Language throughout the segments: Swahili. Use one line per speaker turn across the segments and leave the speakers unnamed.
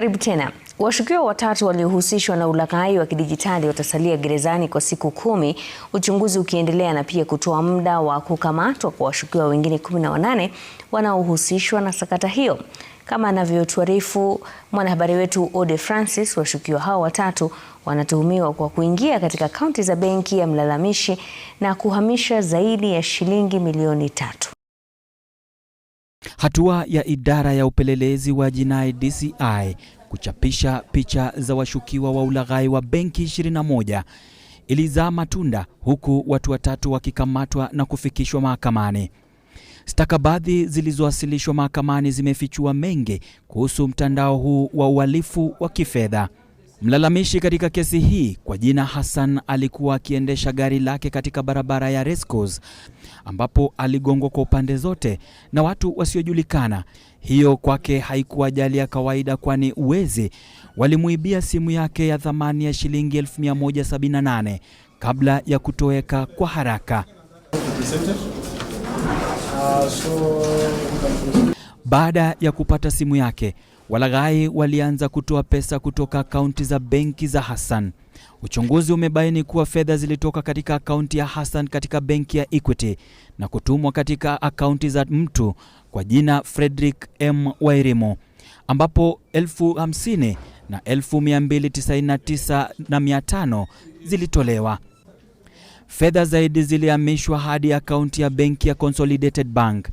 Karibu tena. Washukiwa watatu waliohusishwa na ulaghai wa kidijitali watasalia gerezani kwa siku kumi, uchunguzi ukiendelea na pia kutoa muda wa kukamatwa kwa washukiwa wengine 18 wanaohusishwa na sakata hiyo. Kama anavyotuarifu mwanahabari wetu Ode Francis, washukiwa hao watatu wanatuhumiwa kwa kuingia katika akaunti za benki ya mlalamishi na kuhamisha zaidi ya shilingi milioni tatu.
Hatua ya idara ya upelelezi wa jinai DCI kuchapisha picha za washukiwa wa ulaghai wa benki 21 ilizaa matunda huku watu watatu wakikamatwa na kufikishwa mahakamani. Stakabadhi zilizowasilishwa mahakamani zimefichua mengi kuhusu mtandao huu wa uhalifu wa kifedha. Mlalamishi katika kesi hii kwa jina Hassan alikuwa akiendesha gari lake katika barabara ya Rescos ambapo aligongwa kwa upande zote na watu wasiojulikana. Hiyo kwake haikuwa ajali ya kawaida, kwani uwezi walimuibia simu yake ya thamani ya shilingi 1178 kabla ya kutoweka kwa haraka. Baada ya kupata simu yake Walaghai walianza kutoa pesa kutoka akaunti za benki za Hassan. Uchunguzi umebaini kuwa fedha zilitoka katika akaunti ya Hassan katika benki ya Equity na kutumwa katika akaunti za mtu kwa jina Frederick M Wairimo ambapo elfu hamsini na elfu mia mbili tisaini na tisa na mia tano zilitolewa. Fedha zaidi zilihamishwa hadi akaunti ya benki ya Consolidated Bank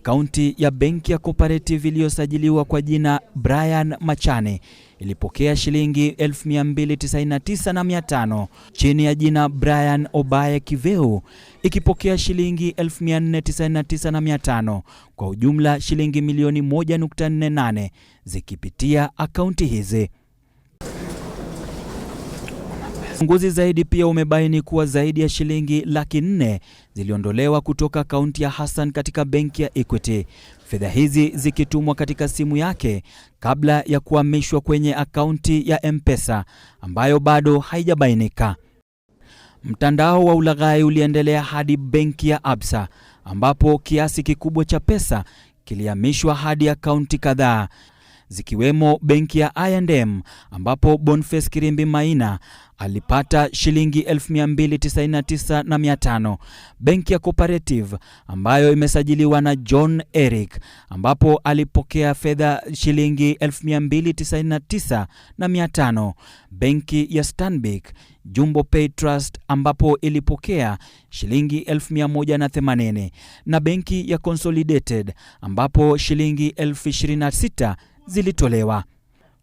akaunti ya benki ya Cooperative iliyosajiliwa kwa jina Brian Machane ilipokea shilingi 299,500 chini ya jina Brian Obaye Kiveu ikipokea shilingi 499,500 kwa ujumla shilingi milioni 1.48 zikipitia akaunti hizi. Uchunguzi zaidi pia umebaini kuwa zaidi ya shilingi laki nne ziliondolewa kutoka akaunti ya Hassan katika benki ya Equity, fedha hizi zikitumwa katika simu yake kabla ya kuhamishwa kwenye akaunti ya M-Pesa ambayo bado haijabainika. Mtandao wa ulaghai uliendelea hadi benki ya Absa ambapo kiasi kikubwa cha pesa kilihamishwa hadi akaunti kadhaa zikiwemo benki ya I&M ambapo Boniface Kirimbi Maina alipata shilingi 299,500, benki ya Cooperative ambayo imesajiliwa na John Eric ambapo alipokea fedha shilingi 299,500, benki ya Stanbic Jumbo Pay Trust ambapo ilipokea shilingi 1,180 na benki ya Consolidated ambapo shilingi 26 zilitolewa.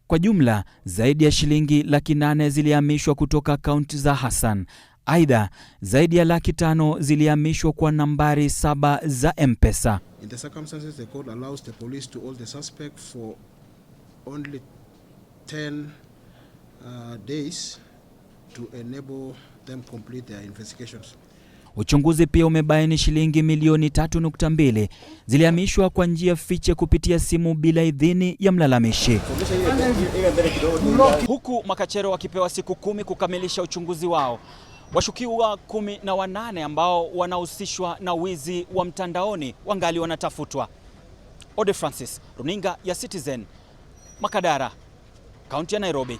Kwa jumla zaidi ya shilingi laki nane zilihamishwa kutoka kaunti za Hassan. Aidha, zaidi ya laki tano zilihamishwa kwa nambari saba za M-Pesa. Uh, days to enable them complete their investigations. Uchunguzi pia umebaini shilingi milioni 3.2 zilihamishwa kwa njia fiche kupitia simu bila idhini ya mlalamishi,
huku makachero wakipewa siku kumi kukamilisha uchunguzi wao. Washukiwa kumi na wanane ambao wanahusishwa na wizi wa mtandaoni wangali wanatafutwa. Ode Francis, runinga ya Citizen, Makadara, kaunti ya Nairobi.